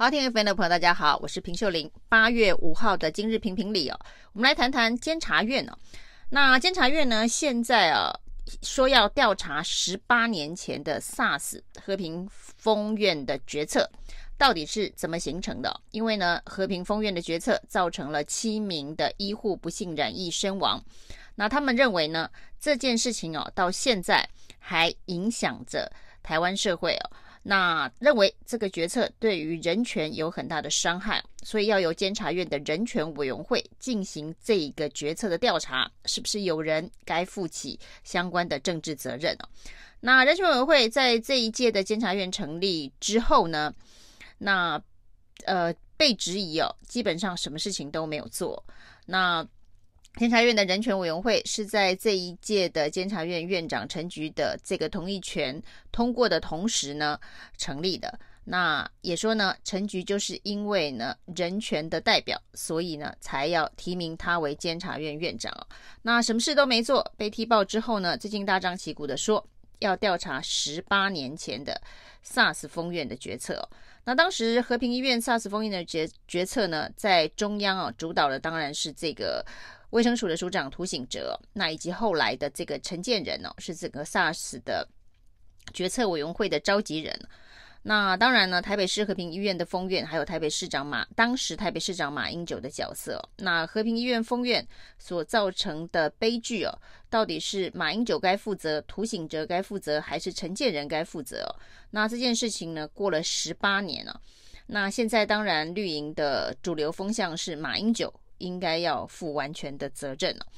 好，聽 FM 的朋友，大家好，我是平秀玲。八月五號的今日評評理哦，我們來談談監察院哦。那監察院呢，現在啊說要調查十八年前的 SARS 和平封院的決策到底是怎麼形成的？因為呢，和平封院的決策造成了七名的醫護不幸染疫身亡。那他們認為呢，這件事情哦、啊、到現在還影響着台灣社會哦、啊。那認為這個決策對於人權有很大的傷害，所以要由監察院的人權委員會進行這一個決策的調查，是不是有人該負起相關的政治責任？那人權委員會在這一屆的監察院成立之後呢，那呃被質疑哦，基本上什麼事情都沒有做，那。監察院的人權委員會是在這一屆的監察院院長陳菊的這個同意權通過的同時呢，成立的。那也說呢，陳菊就是因為呢人權的代表，所以呢才要提名他為監察院院長。那什麼事都沒做，被踢爆之後呢，最近大張旗鼓的說要調查十八年前的 SARS 封院的決策。那當時和平醫院 SARS 封院的決決策呢，在中央啊主導的當然是這個。衛生署的署長涂醒哲，那以及後來的這個陳建仁哦，是整個 SARS 的決策委員會的召集人。那當然呢，台北市和平醫院的封院，還有台北市長馬，當時台北市長馬英九的角色、哦。那和平醫院封院所造成的悲劇哦,到底是馬英九該負責，涂醒哲該負責，還是陳建仁該負責、哦？那這件事情呢，過了十八年了、哦，那現在當然綠營的主流風向是馬英九。應該要負完全的責任了哦。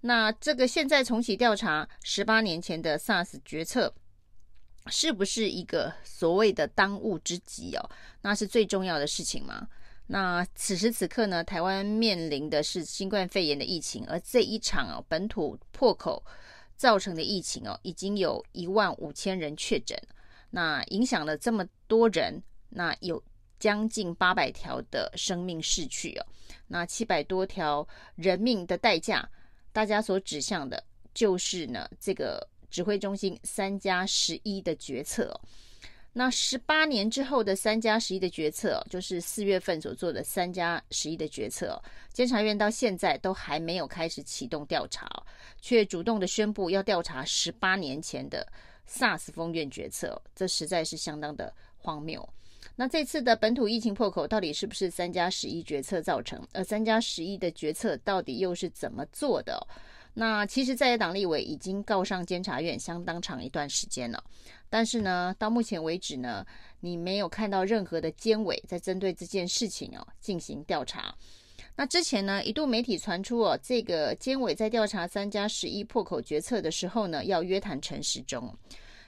那這個現在重啟調查，十八年前的 SARS 決策是不是一個所謂的當務之急哦？那是最重要的事情嗎？那此時此刻呢，台灣面臨的是新冠肺炎的疫情，而這一場哦，本土破口造成的疫情哦，已經有一萬五千人確診，那影響了這麼多人，那有。將近八百條的生命逝去哦，那七百多條人命的代價，大家所指向的就是呢，這個指揮中心三加十一的決策。那十八年之後的三加十一的決策，就是四月份所做的三加十一的決策。監察院到現在都還沒有開始啟動調查，卻主動的宣布要調查十八年前的 SARS 封院決策，這實在是相當的荒謬。那這次的本土疫情破口到底是不是三加十一決策造成？呃，三加十一的決策到底又是怎麼做的？那其實，在野黨立委已經告上監察院相當長一段時間了，但是呢，到目前為止呢，你沒有看到任何的監委在針對這件事情哦進行調查。那之前呢，一度媒體傳出哦，這個監委在調查三加十一破口決策的時候呢，要約談陳時中，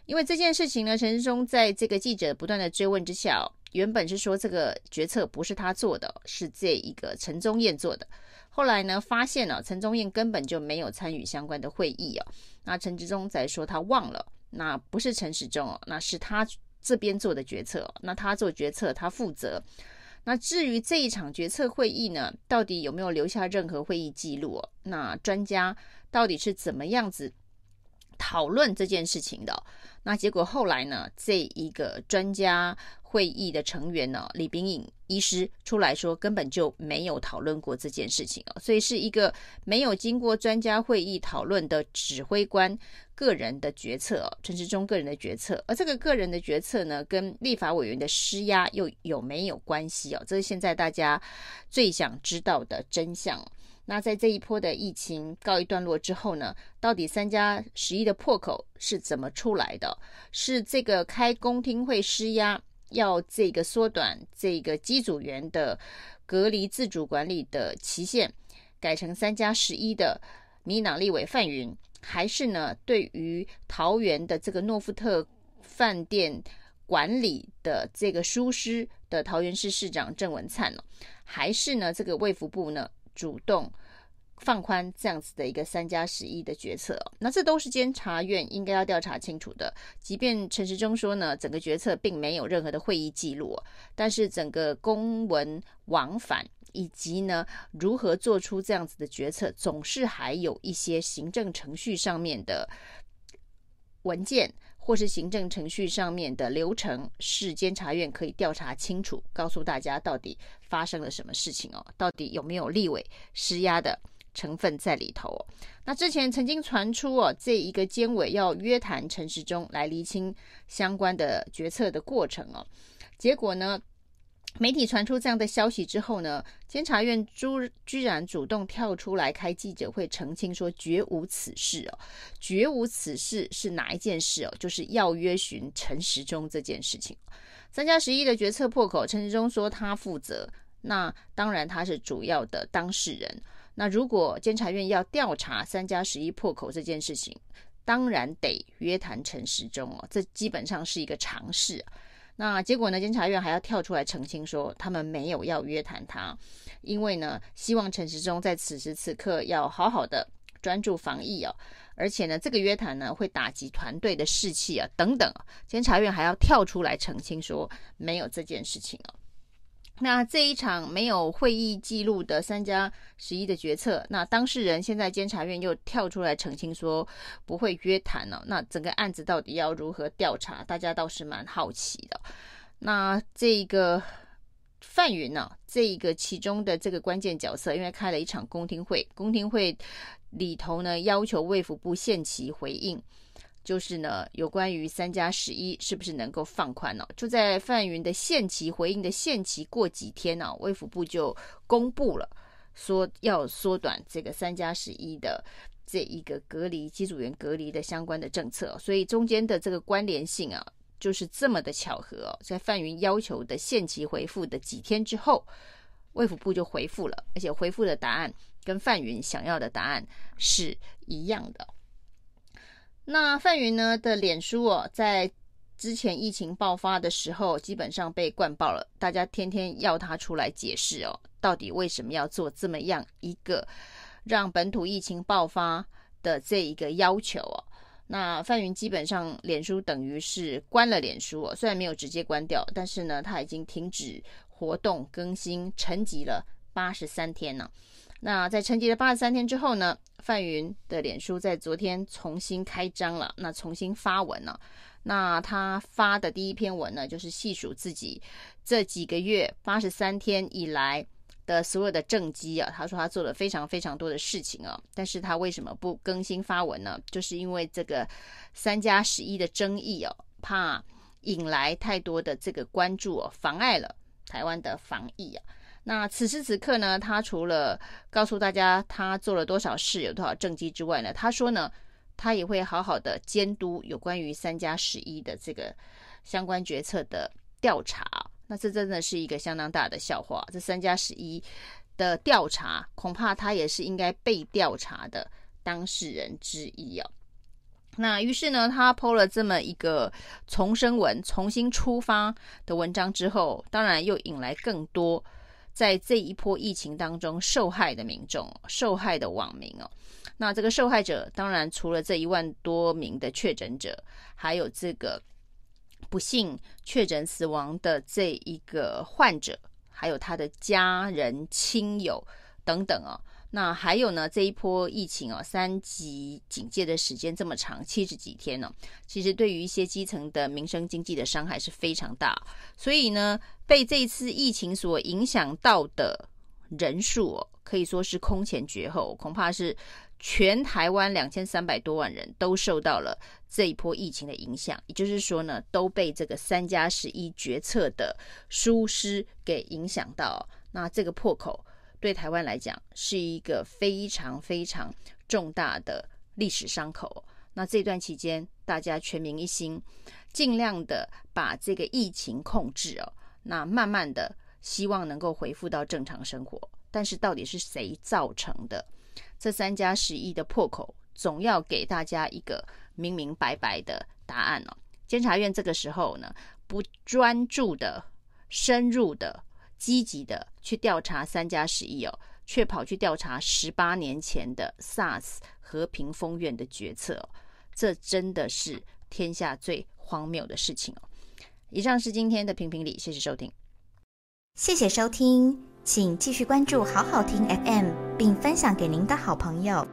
因為這件事情呢，陳時中在這個記者不斷的追問之下哦。原本是說這個決策不是他做的，是這一個陳宗彥做的。後來呢，發現了、啊、陳宗彥根本就沒有參與相關的會議哦、啊。那陳時中才說他忘了，那不是陳時中哦，那是他這邊做的決策。那他做決策，他負責。那至於這一場決策會議呢，到底有沒有留下任何會議記錄？那專家到底是怎麼樣子？討論這件事情的，那結果後來呢？這一個專家會議的成員呢，李秉穎醫師出來說，根本就沒有討論過這件事情哦，所以是一個沒有經過專家會議討論的指揮官個人的決策，陳時中個人的決策。而這個個人的決策呢，跟立法委員的施壓又有沒有關係哦？這是現在大家最想知道的真相。那在這一波的疫情告一段落之後呢，到底三加十一的破口是怎麼出來的？是這個開公聽會施壓，要這個縮短這個機組員的隔離自主管理的期限，改成三加十一的民黨立委范雲，還是呢，對於桃園的這個諾富特飯店管理的這個疏失的桃園市市長鄭文燦，還是呢，這個衛福部呢？主動放寬這樣子的一個三加十一的決策，那這都是監察院應該要調查清楚的。即便陳時中說呢，整個決策並沒有任何的會議記錄，但是整個公文往返以及呢，如何做出這樣子的決策，總是還有一些行政程序上面的文件。或是行政程序上面的流程，是監察院可以調查清楚，告訴大家到底發生了什麼事情哦，到底有沒有立委施壓的成分在裡頭哦。那之前曾經傳出哦，這一個監委要約談陳時中來釐清相關的決策的過程哦，結果呢？媒體傳出這樣的消息之後呢，監察院居居然主動跳出來開記者會澄清說絕無此事哦，絕無此事是哪一件事哦？就是要約詢陳時中這件事情。三加十一的決策破口，陳時中說他負責，那當然他是主要的當事人。那如果監察院要調查三加十一破口這件事情，當然得約談陳時中哦，這基本上是一個常識。那結果呢？監察院還要跳出來澄清說，他們沒有要約談他，因為呢，希望陳時中在此時此刻要好好的專注防疫哦，而且呢，這個約談呢會打擊團隊的士氣啊，等等。監察院還要跳出來澄清說，沒有這件事情哦。那這一場沒有會議記錄的三加十一的決策，那當事人現在監察院又跳出來澄清說不會約談了、啊。那整個案子到底要如何調查，大家倒是蠻好奇的。那這個範雲呢、啊，這一個其中的這個關鍵角色，因為開了一場公聽會，公聽會裡頭呢要求衛福部限期回應。就是呢，有關於三加十一是不是能夠放寬呢、啊？就在范雲的限期回應的限期過幾天呢、啊，衛福部就公布了說要縮短這個三加十一的這一個隔離機組員隔離的相關的政策，所以中間的這個關聯性啊，就是這麼的巧合、啊。在范雲要求的限期回復的幾天之後，衛福部就回復了，而且回復的答案跟范雲想要的答案是一樣的。那范雲呢的臉書哦，在之前疫情爆發的時候，基本上被灌爆了，大家天天要他出來解釋哦，到底為什麼要做這麼樣一個讓本土疫情爆發的這一個要求哦？那范雲基本上臉書等於是關了臉書哦，雖然沒有直接關掉，但是呢，他已經停止活動更新，沉寂了八十三天呢。那在沉寂了八十三天之後呢，范雲的臉書在昨天重新開張了。那重新發文了、啊。那他發的第一篇文呢，就是細數自己這幾個月八十三天以來的所有的政績啊。他說他做了非常非常多的事情啊，但是他為什麼不更新發文呢？就是因為這個三加十一的爭議哦、啊，怕引來太多的這個關注哦、啊，妨礙了台灣的防疫啊。那此時此刻呢，他除了告訴大家他做了多少事，有多少政績之外呢，他說呢，他也會好好的監督有關於三加十一的這個相關決策的調查。那這真的是一個相當大的笑話。這三加十一的調查，恐怕他也是應該被調查的當事人之一啊、哦。那於是呢，他拋了這麼一個重生文、重新出發的文章之後，當然又引來更多。在這一波疫情當中受害的民眾、受害的網民哦，那這個受害者當然除了這一萬多名的確診者，還有這個不幸確診死亡的這一個患者，還有他的家人、親友等等哦。那還有呢，這一波疫情哦，三級警戒的時間這麼長，七十幾天呢，哦，其實對於一些基層的民生經濟的傷害是非常大，所以呢。被這一次疫情所影響到的人數，可以說是空前絕後，恐怕是全台灣兩千三百多萬人都受到了這一波疫情的影響。也就是說呢，都被這個“三加十一”決策的疏失給影響到。那這個破口對台灣來講是一個非常非常重大的歷史傷口。那這段期間，大家全民一心，盡量的把這個疫情控制哦。那慢慢的，希望能夠恢復到正常生活，但是到底是誰造成的這三加十一的破口，總要給大家一個明明白白的答案哦。監察院這個時候呢，不專注的、深入的、積極的去調查三加十一哦，卻跑去調查十八年前的 SARS 和平封院的決策哦，這真的是天下最荒謬的事情哦。以上是今天的評評理，謝謝收聽。謝謝收聽，請繼續關注好好聽 FM，並分享給您的好朋友。